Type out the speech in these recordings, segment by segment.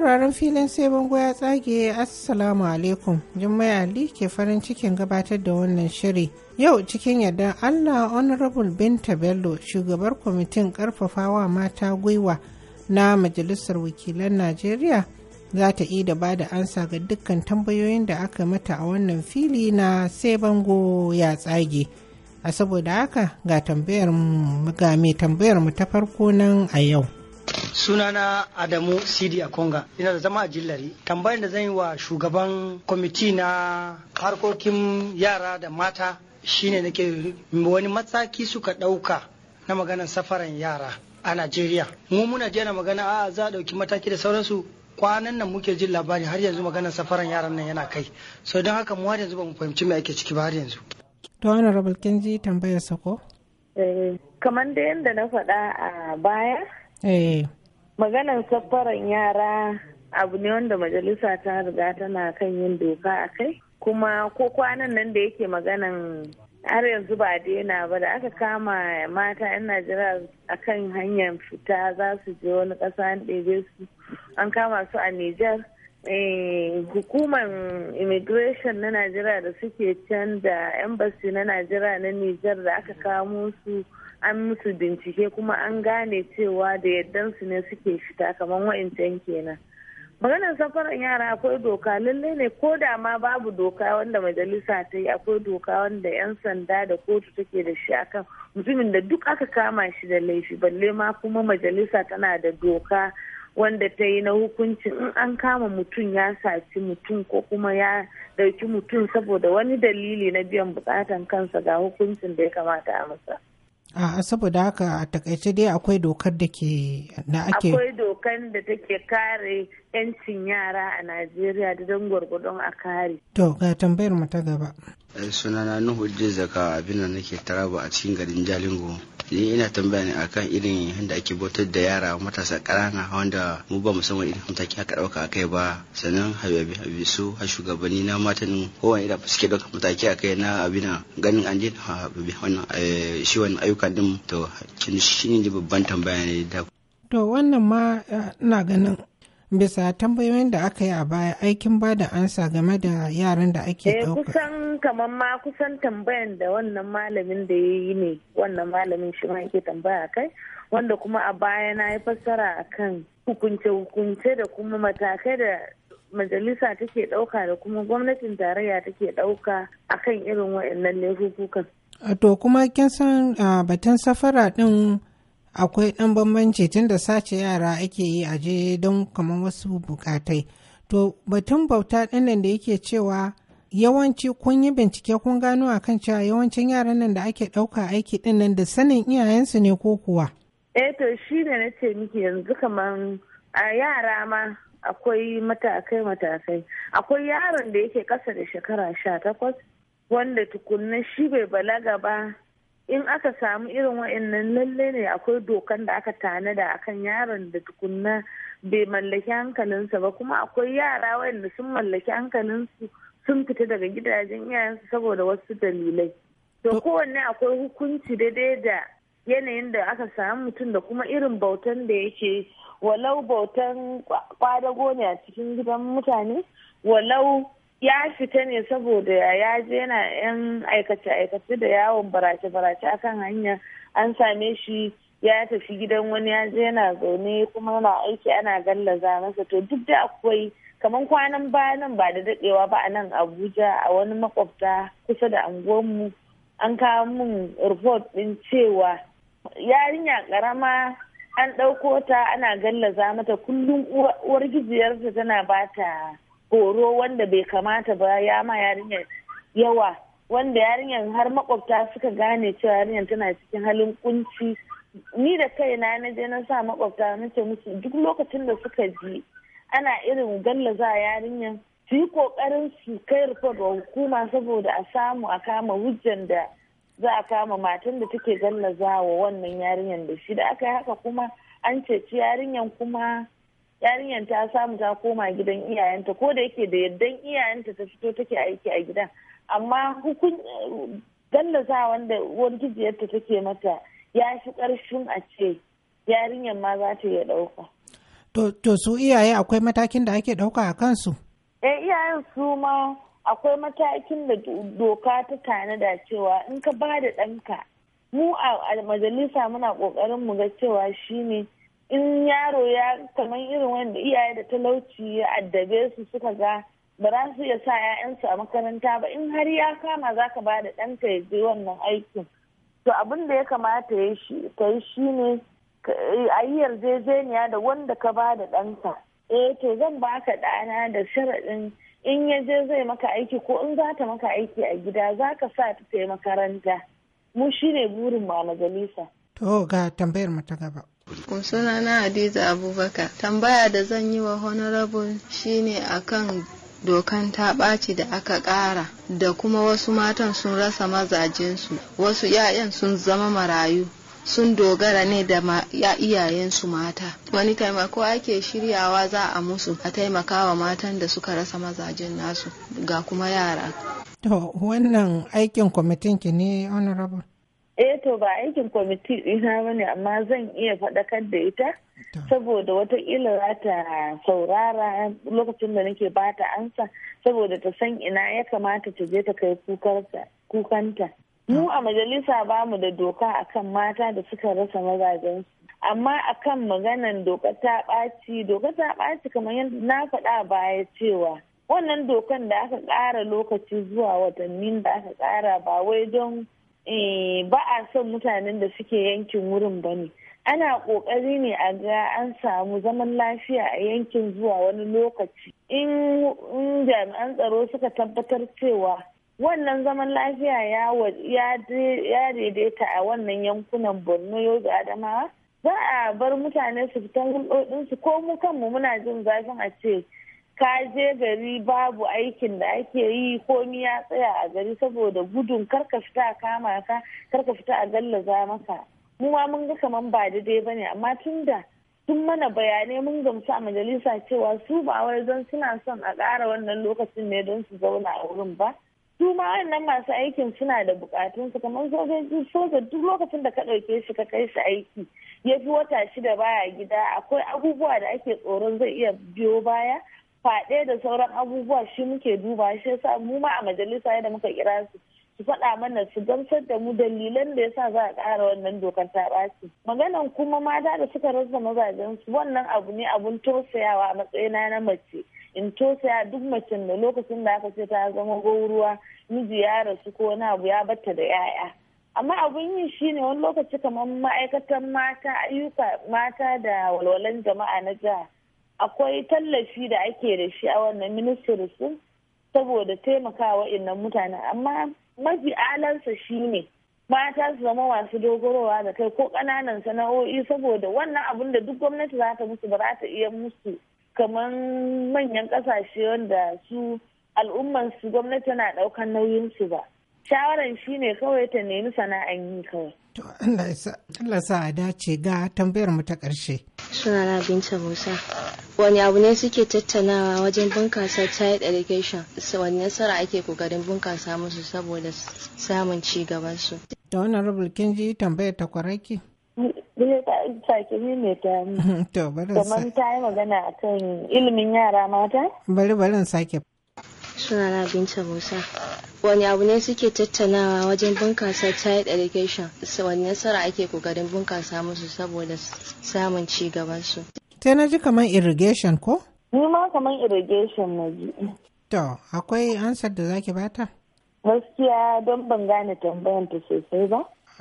sauraron filin sai bango ya tsage assalamu alaikum jummai ali ke farin cikin gabatar da wannan shiri yau cikin yadda allah honorable binta bello shugabar kwamitin karfafawa mata gwiwa na majalisar wakilan najeriya za ta yi da bada ansa ga dukkan tambayoyin da aka mata a wannan fili na sai bango ya tsage a saboda haka ga tambayar mu ta farko nan a yau sunana adamu sidi akonga ina da zama a jillari tambayar da zan yi wa shugaban kwamiti na harkokin yara da mata shine nake wani mataki suka ɗauka na maganar safaran yara a najeriya mu muna jera magana a za a ɗauki mataki da sauransu kwanan nan muke jin labari har yanzu maganar safaran yaran nan yana kai so don haka mu har yanzu ba mu fahimci me ake ciki ba har yanzu to kinji tambayar sako eh, kamar da yadda na faɗa a baya eh. maganan safaran yara abu ne wanda majalisa ta riga tana kan yin doka a kai kuma ko kwanan nan da yake maganan har yanzu ba daina ba da aka kama mata 'yan najeriya a kan hanyar fita za su je wani kasa an ɗebe su an kama su a niger eh, hukumar immigration na najeriya da suke can da embassy na najeriya na niger da aka kamo su an musu bincike kuma an gane cewa da su ne suke fita kamar wa'incan kenan maganar safaran yara akwai doka lallai ne ko da ma babu doka wanda majalisa ta yi akwai doka wanda 'yan sanda da kotu take da shi akan mutumin da duk aka kama shi da laifi balle ma kuma majalisa tana da doka wanda ta yi na hukunci in an kama mutum ya saci mutum ko kuma ya dauki mutum saboda wani dalili na biyan bukatan kansa ga hukuncin da ya kamata a masa. a saboda haka a takaice dai akwai dokar da ke na ake akwai dokar da take kare 'yancin yara a Najeriya da don gwargwadon a kare. To ga tambayar mu ta gaba. Eh, sunana nuhu Zaka abin nake taraba a cikin garin Jalingo. Ni ina tambaya ne akan irin yadda ake bautar da yara matasa ƙarana wanda mu ba mu san irin mataki aka ɗauka akai ba sannan habibi habibi su a shugabanni na matan kowane irin suke ɗauka mataki akai na abin ganin an jin habibi wannan eh, shi wannan ayyuka din to shi ne babban tambaya ne da. To wannan ma eh, ina ganin bisa tambayoyin da aka yi a baya aikin ba da ansa game da yaran da ake eh, ɗauka. kusan kamar ma kusan tambayan da wannan malamin da ya yi ne wannan malamin shi ma yake tambaya kai wanda kuma a baya na yi fassara kan hukunce-hukunce da kuma matakai da majalisa take ɗauka da kuma gwamnatin tarayya take ɗauka kan irin waɗannan laifukan. To kuma kin san batun safara ɗin akwai ɗan bambanci tun da sace yara ake yi a je don kamar wasu bukatai to batun bauta ɗinnan da yake cewa yawanci kun yi bincike kun gano a kan cewa yawancin yaran nan da ake ɗauka aiki ɗin nan da sanin iyayensu ne ko kuwa? Eh to shi ne na ce miki yanzu kamar a yara ma akwai matakai matakai akwai yaron da yake ƙasa da shekara sha takwas wanda tukunna shi bai balaga ba in aka samu irin wa'annan lalle ne akwai dokan da aka tanada akan yaron da tukunna bai mallaki hankalinsa ba kuma akwai yara wa'anda sun mallaki hankalinsu sun fita daga gidajen iyayensu saboda wasu dalilai to kowanne akwai hukunci daidai da yanayin da aka samu mutum da kuma irin bautan da yake walau bautan kwadago ne a cikin gidan mutane walau ya fita ne saboda ya je yana yan aikace-aikace da yawon barace-barace akan hanya an same shi ya tafi gidan wani ya je yana zaune kuma yana aiki ana gallaza masa to duk da akwai kamar kwanan bayanan ba da dadewa ba a nan abuja a wani makwabta kusa da anguwanmu an kawo min report din cewa yarinya karama an ɗauko ta ana gallaza mata kullum uwar gijiyarta tana bata horo wanda bai kamata ba ya ma yarinyar yawa wanda yarinyar har makwabta suka gane cewa yarinyar tana cikin halin kunci ni da kaina na je na sa makwabta na ce musu duk lokacin da suka ji ana irin gallaza yarinyar su yi kokarin su kai rufe ga hukuma saboda a samu a kama hujjan da za a kama matan da take gallazawa wannan yarinyar da shi da aka yi haka kuma an ceci yarinyar kuma yarinyar ta samu ta koma gidan iyayenta ko da yake da yardan iyayenta ta fito take aiki a gidan amma hukun gallaza wanda wani wargijiyarta take mata ya fi ƙarfin a ce yarinyar ma za ta iya ɗauka. To su iyaye akwai matakin da ake ɗauka a kansu? Eh iyayen su ma akwai matakin da doka ta da cewa in ka ba da ɗanka mu a majalisa muna ƙoƙarin mu ga cewa shine ne in yaro ya kamar irin wanda iyaye da talauci ya addabe su suka ga ba za su iya sa 'ya'yansu a makaranta ba in har ya kama za ka ba da ɗanka ya je wannan aikin to abin da ya kamata ya shi yi shi ne a yi yarjejeniya da wanda ka ba da ɗanka eh to zan ba ka ɗana da sharaɗin in ya je zai maka aiki ko in za ta maka aiki a gida za ka sa ta makaranta mu shi ne burin ma majalisa. To ga tambayar mu ta gaba. Suna na Hadiza Abubakar. Tambaya da zan yi wa Honorable shine akan dokan ta ɓaci da aka ƙara da kuma wasu matan sun rasa mazajensu wasu 'ya'yan sun zama marayu sun dogara ne da iyayensu mata wani taimako ake shiryawa za a musu a taimakawa matan da suka rasa mazajen nasu ga kuma yara to wannan aikin kwamitinki ki ne honorable eh to ba aikin kwamiti ina bane amma zan iya faɗakar da ita saboda watakila za ta saurara lokacin da nake ba ta ansa saboda ta san ina ya kamata ta je ta kai kukanta mu a majalisa ba mu da doka akan mata da suka rasa mazajen amma akan maganan doka ta ɓaci doka ta ɓaci kamar yadda na faɗa baya cewa wannan dokan da aka ƙara lokaci zuwa watannin da aka ƙara ba wai don Eh, ba a son mutanen da suke yankin wurin ba ne ana kokari ne a ga an samu zaman lafiya a yankin zuwa wani lokaci in jami'an tsaro suka tabbatar cewa wannan zaman lafiya ya daidaita a wannan yankunan borno yau da adamawa za a bar mutane su fitan hulɗoɗinsu ko mu kanmu muna jin zafin a ce ka je gari babu aikin da ake yi komi ya tsaya a gari saboda gudun karka fita a kama ka karka fita a gallaza maka mu ma mun ga kaman ba daidai bane amma tunda tun mana bayanai mun gamsu a majalisa cewa su ba wai don suna son a ƙara wannan lokacin ne don su zauna a wurin ba su ma wannan masu aikin suna da bukatun su kamar sojoji soja duk lokacin da ka ɗauke shi ka kai shi aiki ya fi wata shida baya gida akwai abubuwa da ake tsoron zai iya biyo baya faɗe da sauran abubuwa shi muke duba shi yasa mu ma a majalisa yadda muka kira su su faɗa mana su gamsar da mu dalilan da yasa za a ƙara wannan dokar ta ɓaci maganan kuma mata da suka rasa mazajen su wannan abu ne abun tausayawa a matsayina na mace in tosaya duk mace da lokacin da aka ce ta zama gowruwa miji ya rasu ko wani abu ya batta da 'ya'ya amma abun yi shine wani lokaci kamar ma'aikatan mata ayyuka mata da walwalan jama'a na jiha akwai tallafi da ake da shi a wannan ministiri su saboda taimakawa innan mutane amma mafi alansa shine mata su zama masu dogarowa da kai ko ƙananan sana'o'i saboda wannan abun da duk gwamnati za ta musu ba za ta iya musu kamar manyan ƙasashe wanda su al'umman su gwamnati tana ɗaukan nauyin su ba shawaran shi ne kawai ta nemi sana'an yi kawai to Allah sa a dace ga tambayar mu ta ƙarshe sunana binta musa wani abu ne suke tattanawa wajen bunkasa child education wani nasara ake kokarin bunkasa musu saboda samun ci gaban su da wannan rubul kinji tambayar ta kwaraki to bari kamar ta yi magana kan ilimin yara mata bari bari sake na binta musa wani abu ne suke tattanawa wajen bunkasa child education wani nasara ake kokarin bunkasa musu saboda samun ci gaban su Sai na ji kamar irrigation ko? Ni ma kamar irrigation na ji. To, akwai ansar da zaki bata? Gaskiya don ban gane tambayan ta sosai ba.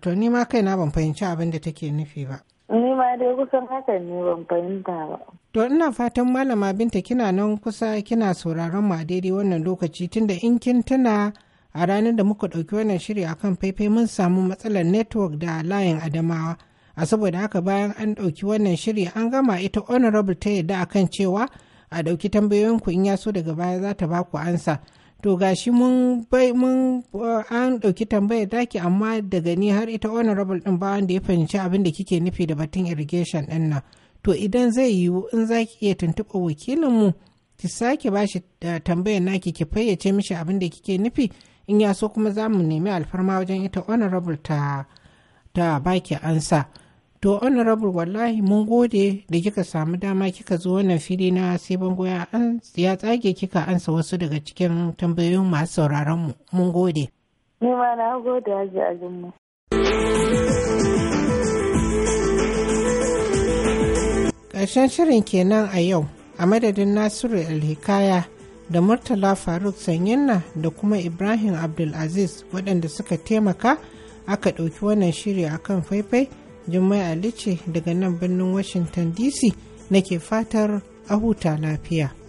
To, ni ma kaina ban fahimci abin da take nufi ba. Ni ma dai kusan hakan ne ban fahimta ba. To, ina fatan malama binta kina nan kusa kina sauraron ma daidai wannan lokaci tunda in kin tuna a ranar da muka ɗauki wannan shiri akan faifai mun samu matsalar network da layin adamawa. a saboda haka bayan an ɗauki wannan shiri an gama ita honorable ta yadda kan cewa a ɗauki ku in ya so daga baya za ta baku ansa to gashi mun mun eh, an ɗauki tambayar daki amma daga ni har ita honorable ɗin ba wanda ya fahimci abin da kike nufi da batun irrigation ɗin nan to idan zai yiwu in zaki ki iya tuntuɓa mu ki sake ba shi eh, tambayar naki ki fayyace mishi abin da kike nufi in ya so kuma za mu nemi alfarma wajen ita honorable ta ta baki ansa. To honorable wallahi mun gode da kika samu dama kika zo wannan fili na sai an ya tsage kika ansa wasu daga cikin tambayoyin masu sauraron mu. Mun gode. Ni ma na gode Haji mu. Ƙarshen shirin kenan a yau a madadin Nasiru Alhikaya da Murtala Faruk Sanyinna da kuma Ibrahim Abdulaziz waɗanda suka taimaka aka ɗauki wannan shiri akan faifai. jummai ali ce daga nan birnin washington dc nake fatar a huta lafiya